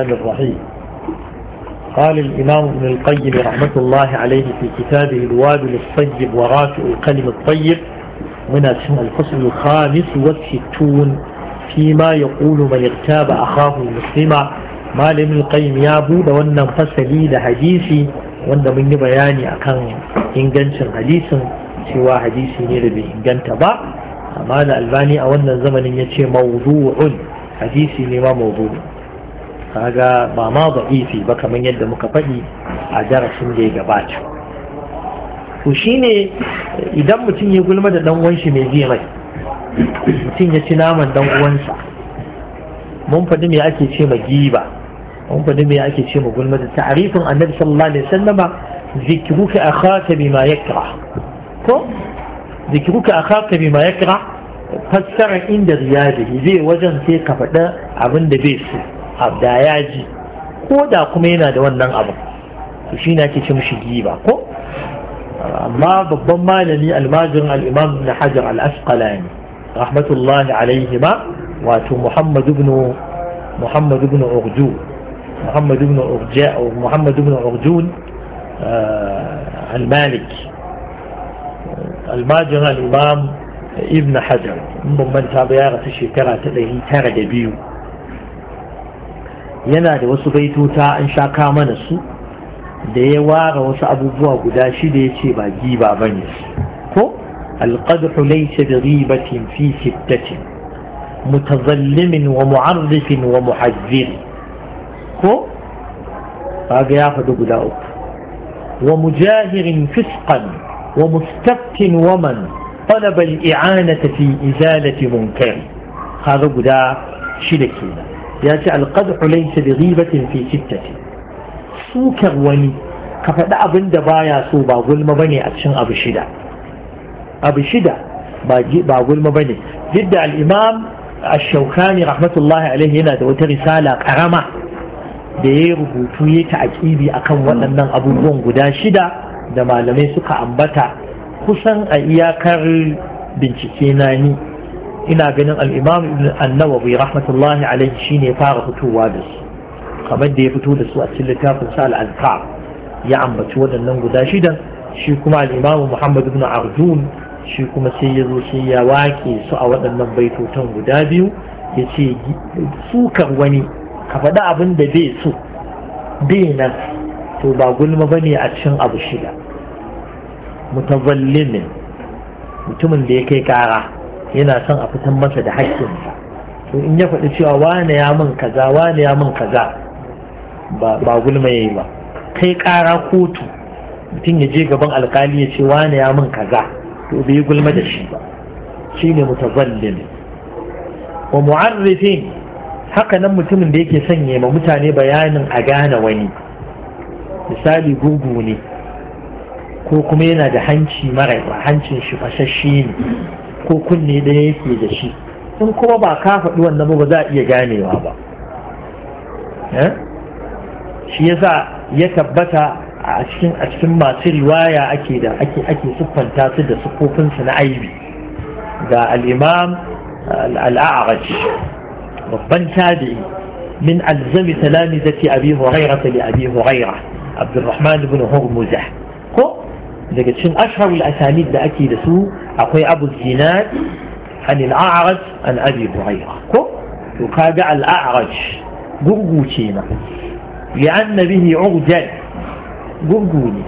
الرحمن الرحيم قال الإمام ابن القيم رحمة الله عليه في كتابه الوابل الطيب ورافع القلم الطيب من الفصل الخامس والستون فيما يقول من اغتاب أخاه المسلم ما لم القيم يا بود وانا فسلي لحديثي وانا من بياني أكان إنجنش حديث سوى حديثي نربي إنجنت با ما لألباني أولا زمن يتي موضوع حديثي لما موضوع kaga ba ma da'ifi ba kamar yadda muka faɗi a darasin da ya gabata to shine idan mutum ya gulma da dan uwanshi mai jiya mai mutum ya ci naman dan uwansa mun faɗi me ake ce ma giba mun faɗi me ake ce ma gulma da ta'arifin annabi sallallahu alaihi wasallama zikruka akhaka bima yakra ko zikruka akhaka bima yakra fassara inda riyadi zai wajen sai ka faɗa abin da bai so abda ya ji ko da kuma yana da wannan abu to shi na ke ce mishi giba ko amma babban malami almajirin al'imam na hajar al'asqalani rahmatullahi alaihi wato Muhammadu ibn muhammad ibn urju muhammad ibn urja muhammad ibn urjun eh, in الماجر ta ابن حجر من من تابع yana da wasu baituta an sha ka mana su da ya ware wasu abubuwa guda shida ya ce ba giba ba ne ko alƙadhu laysa bi ghibatin fi sittatin mutazallimin wa mu'arrifin wa muhajjir ko kaga ya faɗi guda uku wa mujahirin fisqan wa mustaftin wa man talaba al-i'anata fi izalati munkar kaga guda shida kenan ya ce alƙadhu laysa bi ghibatin fi sittati sukar wani ka faɗi abin da baya so ba gulma bane a cikin abu shida abu shida ba gulma bane duk da al-imam ash-shawkani rahmatullahi alaihi yana da wata risala karama da ya rubutu ya a akan waɗannan abubuwan guda shida da malamai suka ambata kusan a iyakar bincike na ni ina ganin al'imam annawawi rahmatullahi alaihi shine fara fitowa da su kamar da ya fito da su a cikin littafin sa al'azkar ya ambaci waɗannan guda shida shi kuma al'imam muhammad ibn arjun shi kuma sai ya zo sai ya wake su a waɗannan baitotan guda biyu ya ce sukar wani ka faɗi abin da bai so bai nan to ba gulma ba ne a cikin abu shida mutawallimin mutumin da ya kai ƙara yana son a fitan masa da haƙƙinsa to in ya faɗi cewa wane ya min kaza wane ya min kaza ba gulma ya yi ba kai ƙara kotu mutum ya je gaban alkali ya ce wane ya min kaza to bai gulma da shi ba shi ne mutazallim wa mu'arrifin haka nan mutumin da yake sanya ma mutane bayanin a gane wani misali gugu ne ko kuma yana da hanci mara hancin shi fasasshe ne ko kunne da yake da shi in kuma ba ka faɗi wannan ba za a iya ganewa ba shi yasa ya tabbata a cikin a cikin masu riwaya ake da ake ake siffanta su da siffofinsu na aibi ga al-imam al-a'raj babban tabi'i min alzami talamizati abi hurairah li abi hurairah abdurrahman ibn hurmuzah ko daga cikin asharul asanid da ake da su أخي أبو الزناد عن الأعرج عن أبي هريرة وقال الأعرج قرقوتينا لأن به عرجا قرقوني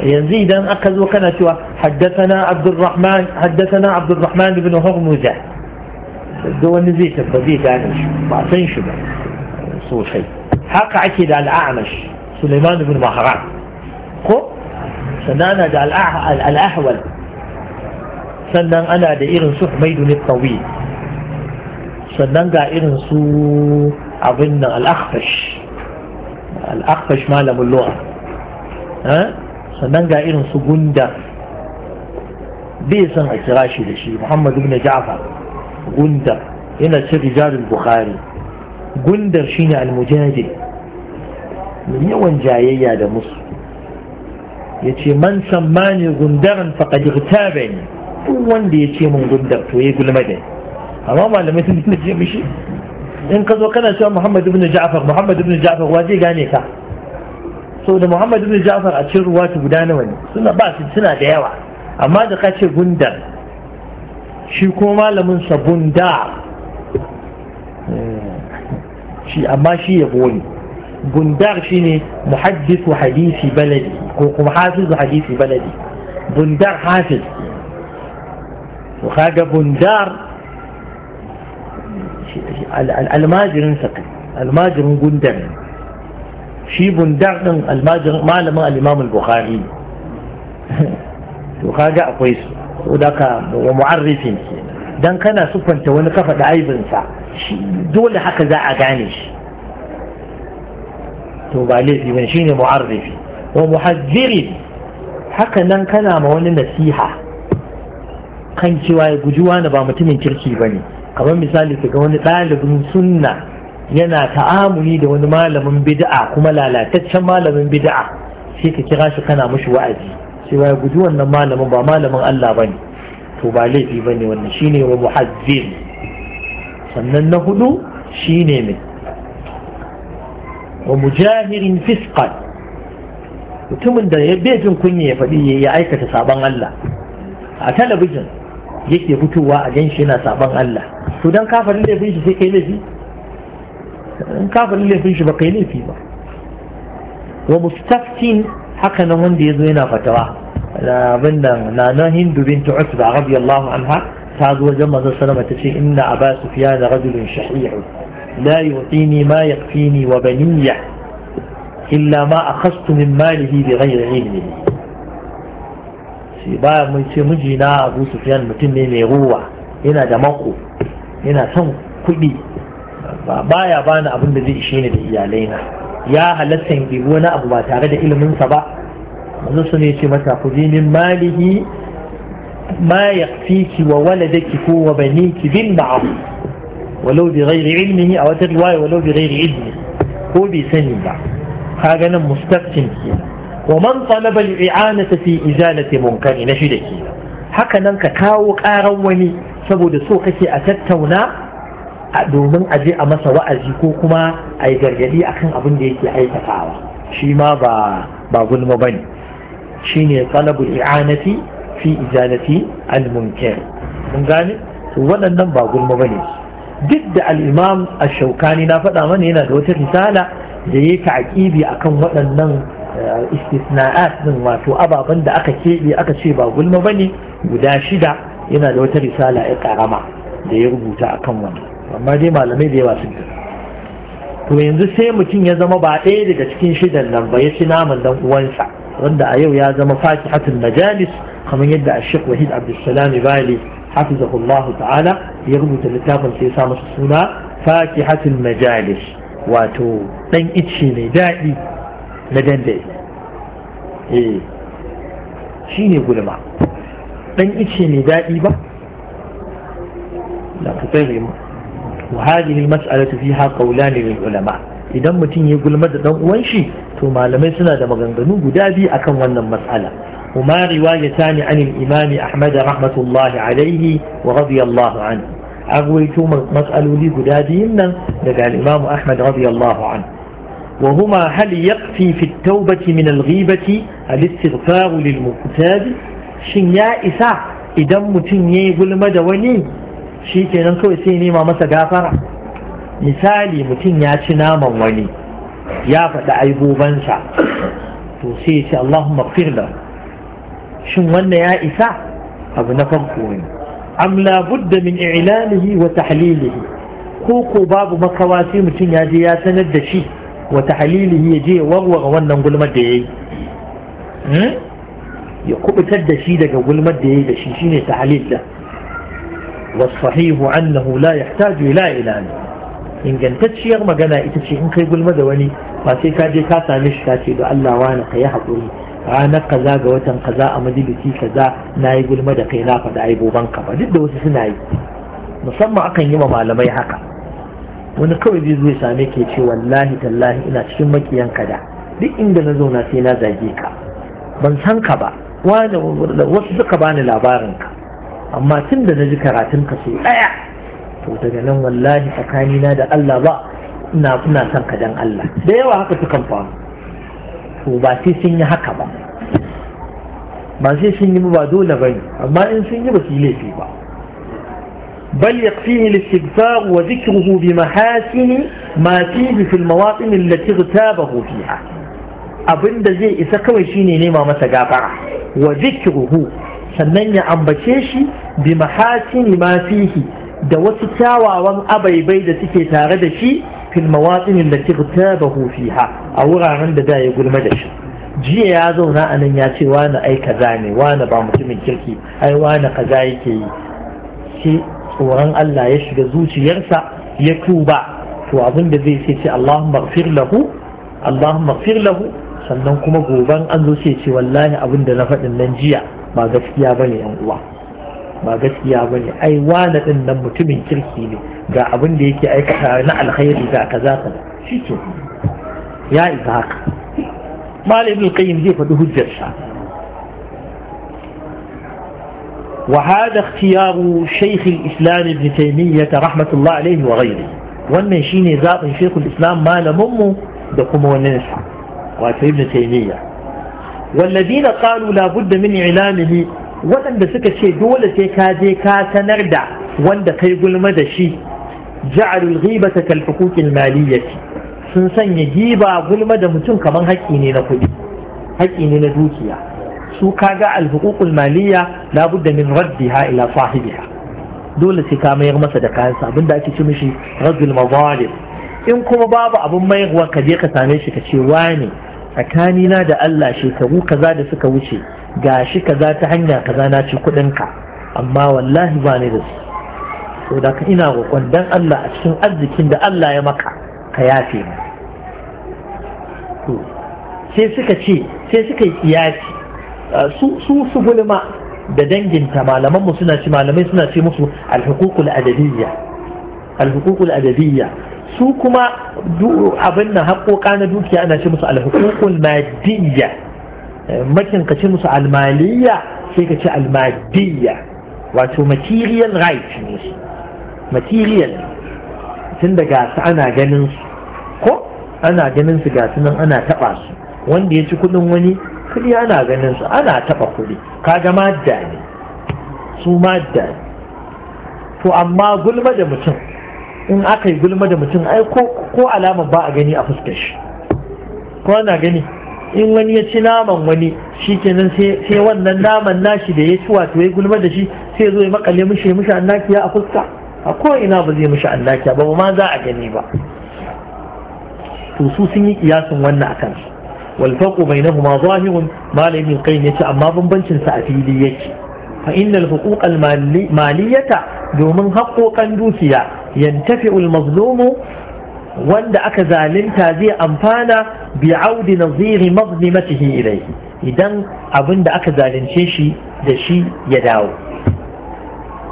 يعني أن أكد وكان سوى حدثنا عبد الرحمن حدثنا عبد الرحمن بن هرمزة دو نزيت البديد أنا يعني بعطين شبه صوحي حق عكد الأعمش سليمان بن مهران خب سنانا الأحول sannan ana da irin su maidun tawi sannan ga irin su abin nan al-akhfash al-akhfash malamin lugha sannan ga irin su gunda bai san a kira shi da shi muhammad ibn ja'far gunda yana cin rijalul bukhari gundar shine al-mujadil yawan jayayya da musu yace man sammani gundaran faqad irtabani duk wanda ya ce min gundar to ya gulma da amma malamai sun ce mishi in ka zo kana cewa Muhammad ibn Ja'far Muhammad ibn Ja'far wa zai gane ka so da Muhammad ibn Ja'far a cikin ruwa ta guda nawa ne suna ba su suna da yawa amma da ka ce gundar shi ko malamin sa gunda eh, shi amma shi ya goyi gundar shine muhaddisu hadisi baladi ko kuma hafizu hadisi baladi gundar hafiz وخاجة بندار الماجرين سقي الماجرين بندر شي بندر الماجر معلم الإمام البخاري وخاجة أقويس وذاك ومعرفين dan kana siffanta wani ka faɗi aibinsa dole haka za a gane shi to ba laifi ban shine mu'arrifi wa muhazzirin haka nan kana ma wani nasiha kan cewa ya guji wani ba mutumin kirki ba ne kamar misali ga wani ɗalibin sunna yana ta'amuni da wani malamin bid'a kuma lalataccen malamin bid'a sai ka kira shi kana mushi wa'azi cewa ya guji wannan malamin ba malamin Allah ba ne to ba laifi ba ne wannan shine wa muhazzin sannan na hudu shine mai wa mujahirin fiskal, mutumin da ya bejin kunya ya faɗi ya aikata sabon Allah a talabijin yake fitowa a ganshi yana saban Allah to dan kafirin laifin shi sai kai laifi in kafirin laifin shi ba kai laifi ba wa mustaftin haka nan wanda yazo yana fatawa abin nan na na hindu bintu usba radiyallahu anha ta zo wajen manzon sallama ta ce inna aba sufyan rajulun shahih la yu'tini ma yakfini wa baniya illa ma akhadtu min malihi bighayri ilmihi ce ba mun ce mijina abu sufiyan mutum ne mai ruwa yana da mako yana son kuɗi Ba baya bani abin da zai ishe ni da iyalaina ya halatta in ɗibi wani abu ba tare da iliminsa ba manzo su ne ce mata ku min malihi ma fiki wa waladaki ko wa baniki ilmihi a wata بغير علمه أو ترواية Ko بغير علمه ba? Ka بعد nan مستقسم kenan wa man talaba al-i'anata fi izalati munkari na shida kenan haka nan ka kawo karan wani saboda so kake a tattauna domin a je a masa wa'azi ko kuma a yi gargadi akan abin da yake aikatawa shi ma ba ba gulma bane shine talabul i'anati fi izalati al-munkar mun gane to waɗannan ba gulma bane duk da al-imam ash-shawkani na faɗa mana yana da wata risala da yake aqibi akan waɗannan istisna'at din wato ababen da aka keɓe aka ce ba gulma ba ne guda shida yana da wata risala ya karama da ya rubuta akan wani amma dai malamai da yawa sun to yanzu sai mutum ya zama ba ɗaya daga cikin shidan nan ba ya ci naman dan uwansa wanda a yau ya zama fatihatul majalis kamar yadda ashik wahid abdulsalam bali hafizahullahu ta'ala ya rubuta littafin sai ya sa masa suna fatihatul majalis wato dan icce mai daɗi na dandali eh shi ne gulma ɗan ice mai daɗi ba da ku tsaye mu وهذه المسألة فيها قولان للعلماء idan mutum ya gulma da dan uwan shi to malamai suna da maganganu guda biyu akan wannan mas'ala kuma riwayatani an al-imam Ahmad rahmatullah alayhi wa radiyallahu anhu agwaito mas'aloli guda biyun nan daga al-imam Ahmad radiyallahu anhu وهما هل يقفي في التوبة من الغيبة الاستغفار للمكتاب شن يا إساء إذا متن يقول ماذا وني شي كان نسوي سيني ما مسا مثالي متن يا شنام وني يا فتا أيبو بنشا توسيش اللهم اغفر له شن ون يا إساء أبو نفقوين أم لا بد من إعلانه وتحليله كوكو باب مكواتي متن يا دياسنا الدشيه wata halilin ya je warware wannan gulmar da ya hmm? ya kubutar dashi daga gulmar da ya yi shi shine ta halil da wasu annahu la ya taju ila ilani ingantacciyar magana ita ce in kai gulma da wani ba sai kaje ka same shi ka ce da Allah wa na kai haƙuri ranar kaza ga watan kaza a majalisi kaza na yi gulma da kai na faɗa ai ba duk da wasu suna yi musamman akan yi wa malamai haka wani kawai zai zo ya same ke ce wallahi tallahi ina cikin makiyan ka da duk inda na zauna sai na zage ka ban san ka ba wani wasu suka bani labarin ka amma tun da na ji karatun ka sai daya to daga nan wallahi na da Allah ba ina kuna son ka dan Allah da yawa haka sukan faru to ba sai sun yi haka ba ba sai sun yi ba dole bane amma in sun yi ba su yi laifi ba بل يقفيه الاستغفار وذكره بمحاسن ما فيه في المواطن التي اغتابه فيها أبن دزي إذا كوشيني نيما متقابرة وذكره سنن يعنبشيشي بمحاسن ما فيه دوت تاوى وان أبي بيدة كي تاردشي في المواطن التي اغتابه فيها أورا عند دا يقول مدش جي يازو نا أنا ياتي وانا أي كذاني وانا من كيركي أي وانا كذاني tsoron Allah ya shiga zuciyarsa ya tuba to abin da zai sai ce Allahumma lahu Allahumma ighfir lahu sannan kuma goban an zo sai ce wallahi abin da na faɗin nan jiya ba gaskiya bane yan uwa ba gaskiya bane ai wani din nan mutumin kirki ne ga abin da yake aikata na alkhairi ga kaza kaza shike ya isa haka malam ibn qayyim zai faɗi hujjarsa وهذا اختيار شيخ الإسلام ابن تيمية رحمة الله عليه وغيره والنشيني ذاتي شيخ الإسلام ما لممه دقم ونسح وفي ابن تيمية والذين قالوا لا بد من إعلامه وأن سك الشيء دولة كاذي كاسا نردع وأن دقيق المدشي جعل الغيبة كالحقوق المالية سنسن يجيبا ظلمة متن كمان هكيني نقول هكيني ندوكيا su kaga alhuququl maliyya la budda min raddiha ila sahibiha dole sai ka mayar masa da kayansa abinda ake ce mishi raddul mazalim in kuma babu abin mayarwa ka je ka same shi ka ce tsakani tsakanina da Allah shekaru kaza da suka wuce gashi kaza ta hanya kaza na ci kuɗin ka amma wallahi ba ni da su da ka ina roƙon dan Allah a cikin arzikin da Allah ya maka ka yafe mu sai suka ce sai suka yi iyaci. su su gulma da danginta malaman mu suna ce malamai suna ce musu alhuququl adabiyya alhuququl adabiyya su kuma abin nan haƙoƙa na dukiya ana ce musu alhuququl madiyya eh, makin ka ce musu almaliyya sai ka ce almadiyya wato material right ne material tun daga su ana ganin su ko ana ganin su gasu nan ana taɓa su wanda ya ci kuɗin wani kuɗi ana ganin su ana taɓa kuɗi kaga madda ne su madda ne to amma gulma da mutum in aka yi gulma da mutum ai ko alama ba a gani a fuskar shi ko ana gani in wani ya ci naman wani shi kenan sai wannan naman nashi da ya ci wato ya gulma da shi sai zo ya makale mishi mishi annakiya a fuska a ko ina ba zai mishi annakiya ba ma za a gani ba to su sun yi kiyasin wannan akan su والفرق بينهما ظاهر ما لابن القيم يتا اما بنبنش سافيلي فان الحقوق الماليه دومن حقوقا دوسيا ينتفع المظلوم واند اكا لنتازي أنفانا بعود نظير مظلمته اليه idan أبند da aka zalunce shi da shi ya dawo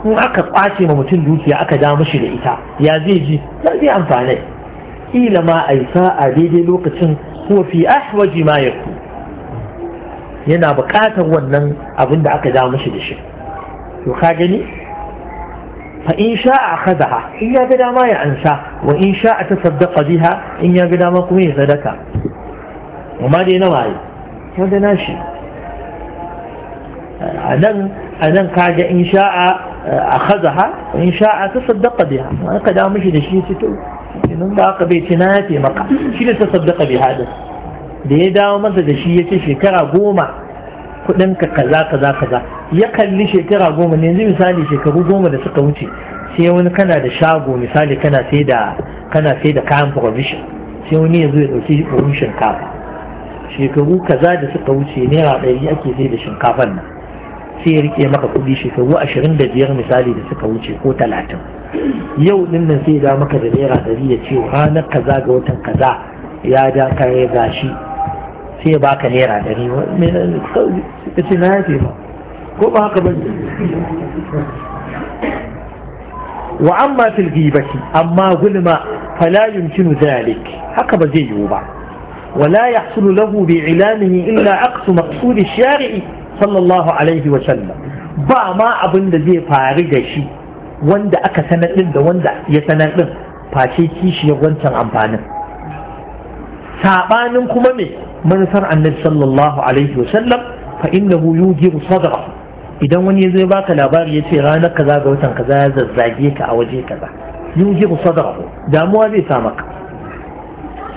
in aka kwace ma mutum dukiya aka da mashi da ita ya zai ji zai amfani kila ma a yi sa'a هو في أحوج ما يكون ينا بقاتا ونن أظن دعك دا مش دشي يخاجني فإن شاء أخذها إن يا بلا ما يعنسى وإن شاء تصدق بها إن يا بلا ما قمي صدقة وما دينا معي هذا ناشي أنا أنا كاجا إن شاء أخذها وإن شاء تصدق بها أنا كدا مش دشي ستو shi ba haka bai na yafe maka shi ne ta saddaka bi hadin da ya dawo masa da shi ya ce shekara goma kudin ka kaza kaza kaza ya kalli shekara goma ne yanzu misali shekaru goma da suka wuce sai wani kana da shago misali kana sai da kana sai da kayan provision sai wani ya zo ya dauki provision kafa shekaru kaza da suka wuce naira ɗari ake sai da shinkafan nan sai ya rike maka kuɗi shekaru ashirin da biyar misali da suka wuce ko talatin yau din nan sai ya maka da naira ɗari ya ce ranar kaza ga watan kaza ya ja ka ya gashi sai ya baka naira ɗari ya ce na yafe ba ko ba haka ba wa amma fil ghibati amma gulma fala yumkinu zalik haka ba zai yiwu ba ولا يحصل له بإعلانه إلا أقصى مقصود الشارع sallallahu alaihi wa sallam ba ma abin da zai faru da shi wanda aka sanar din da wanda ya sanar din face kishiyar wancan amfanin sabanin kuma me manufar annabi sallallahu alaihi wa sallam fa innahu yujibu sadra idan wani ya zai baka labari ya ce ranar kaza ga watan kaza ya zazzage ka a waje kaza yujibu sadra damuwa zai sa maka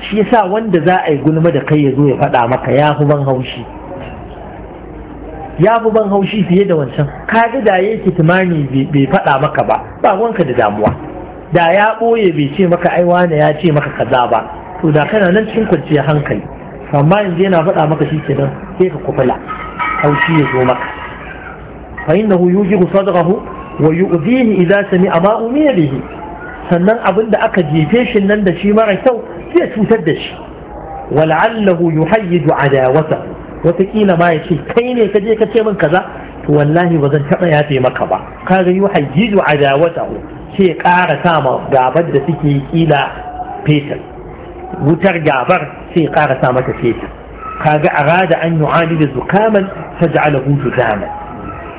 shi yasa wanda za a yi gulma da kai ya zo ya faɗa maka ya fi ban haushi ya fi ban haushi fiye da wancan kaga da yake tumani bai faɗa maka ba ba wanka da damuwa da ya ɓoye bai ce maka ai wane ya ce maka kaza ba to da kana nan cikin kwanciyar hankali amma yanzu yana faɗa maka shi ke nan sai ka kufula haushi ya zo maka fa innahu yujibu sadrahu wa yu'dhihi idza sami'a ma umiya bihi sannan abin da aka jefe shi nan da shi mara kyau zai cutar da shi wal'allahu yuhayyidu adawatahu wataƙila ma ya ce kai ne ka je ka ce min kaza to wallahi ba zan taɓa yafe maka ba ka ga yi wa hajjiju adawatahu sai ƙara sama gabar da suke kila fetur wutar gabar sai ƙara sa mata fetur kaga arada an yu'alij zukaman faj'alahu zukaman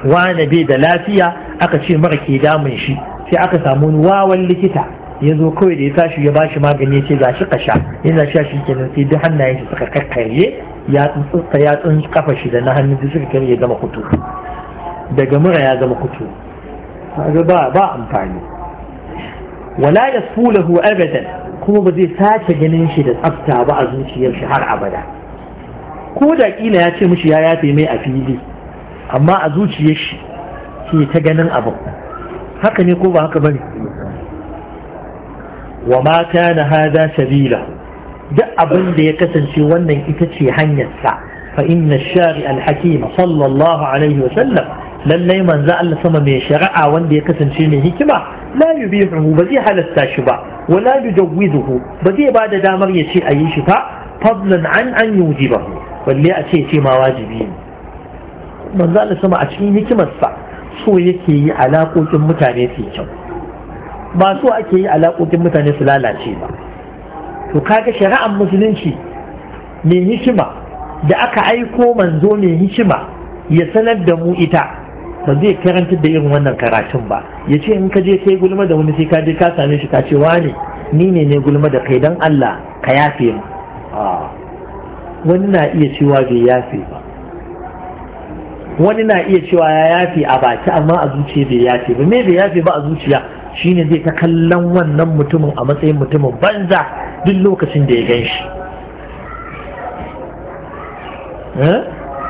wani bai da lafiya aka ce mara ke damun shi sai aka samu wawan likita ya zo kawai da ya tashi ya bashi magani ya ce ga shi kasha yana sha shi kenan sai duk hannayen shi suka kakkarye ya tsuntsa ya tsun kafa shi da na hannu duk suka kare ya zama kutu daga mura ya zama kutu ba ba amfani wala yasfulahu abadan kuma ba zai sace ganin shi da tsafta ba a zuciyar shi har abada ko da kila ya ce mishi ya yafe mai a fili amma a zuciyar shi ke ta ganin abu haka ne ko ba haka bane wa ma kana hada sabila duk abin da ya kasance wannan ita ce hanyarsa fa inna shari al-hakim sallallahu alaihi wa sallam lallai manzo Allah sama mai shari'a wanda ya kasance mai hikima la yubihu ba zai halasta shi ba wala yujawwizuhu ba zai ba da damar ya ce ayi shi fa fadlan an an yujiba balle a ce ce ma wajibi ne manzo Allah sama a cikin hikimarsa so yake yi alaƙoƙin mutane su kyau ba so ake yi alaƙoƙin mutane su lalace ba to kaga shari'ar musulunci mai hikima da aka aiko manzo mai hikima ya sanar da mu ita ba zai karantar da irin wannan karatun ba ya ce in ka je kai gulma da wani sai ka je ka same shi ka ce wani ni ne ne gulma da kai don Allah ka yafe mu wani na iya cewa bai yafe ba wani na iya cewa ya yafe a baki amma a zuciya bai yafe ba me bai yafe ba a zuciya shine zai ta kallon wannan mutumin a matsayin mutumin banza duk lokacin da ya gan shi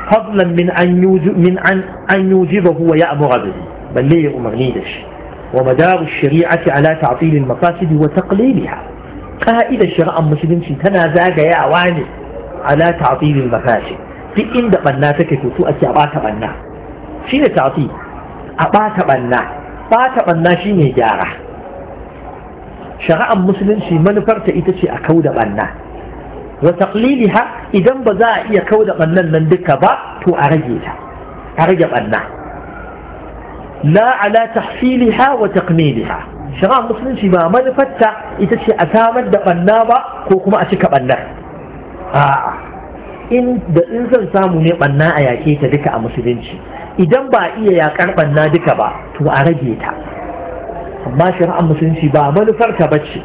fadlan min an min an an yujibahu wa ya'muru bihi balle ya umarni da shi wa madaru shari'ati ala ta'til al maqasid wa taqlidiha qa'ida shari'an musulunci tana zagayawa ne ala ta'til al maqasid duk inda banna take to ake a bata banna shine ta'til a bata banna Fata ɓanna shi ne gyara shari'ar musulunci manufarta ita ce a kau da ɓanna wa idan ba za a iya kau da ɓannan nan duka ba to a rage ta a rage ɓanna la ala tahsiliha wa shari'ar musulunci ba manufarta ita ce a samar da ɓanna ba ko kuma a cika ɓannar a'a in da in zan samu ne ɓanna a yake ta duka a musulunci idan ba a iya yakar banna duka ba to a rage ta amma shari'ar musulunci ba manufar ta bace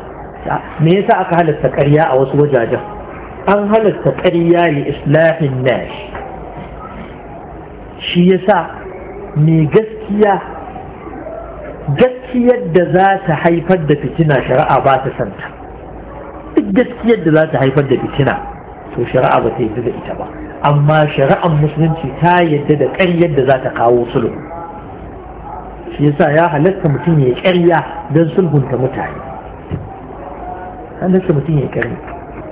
me yasa aka halatta ƙarya a wasu wajajen an halatta ƙarya li islahin nash shi yasa mai gaskiya gaskiyar da za ta haifar da fitina shari'a ba ta santa duk gaskiyar da za ta haifar da fitina to shari'a ba ta yi da ita ba amma shari'ar musulunci ta yadda da ƙaryar da za ta kawo sulhu shi yasa ya halatta mutum ya ƙarya don sulhunta mutane halatta mutum ya ƙarya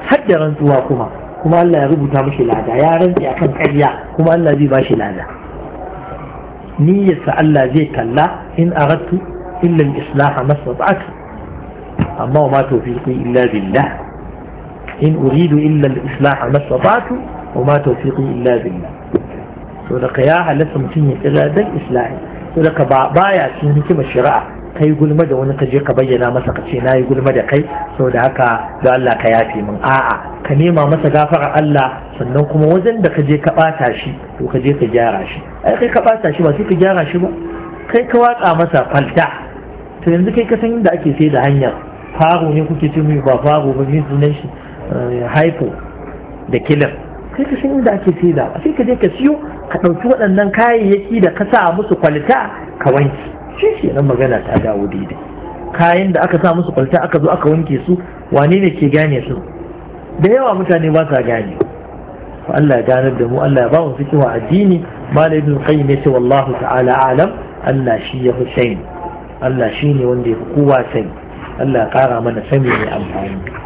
har da rantsuwa kuma kuma Allah ya rubuta mashi lada ya rantsi akan ƙarya kuma Allah zai ba shi lada niyyarsa Allah zai kalla in aradtu illa al-islah mastata'tu amma wa ma tawfiqi illa billah in uridu illa al-islah mastata'tu wa ma tawfiqi illa billah to da ka ya halatta mutum ya kira dan islahi to da ka baya cikin hikimar shari'a kai gulma da wani kaje ka bayyana masa kace ce nayi gulma da kai da haka da ka yafe min a'a ka nema masa gafara Allah sannan kuma wajen da kaje ka bata shi to kaje ka gyara shi ai kai ka bata shi ba ka gyara shi ba kai ka watsa masa falta to yanzu kai ka san inda ake sai da hanyar faro ne kuke ce mai ba faro ba ne sunan shi haifo eh, da kilin kai ka san inda ake saida ba sai ka je ka siyo ka ɗauki waɗannan kayayyaki da ka sa musu kwalita ka wanke shi shi nan magana ta dawo daidai kayan da aka sa musu kwalita aka zo aka wanke su wane ne ke gane su da yawa mutane ba sa gane Allah ya ganar da mu Allah ya ba mu fikiwa addini malam ibn qayyim yace wallahu ta'ala alam Allah shi ya Hussein Allah shi ne wanda ya fi kowa sani Allah ya kara mana sani mai amfani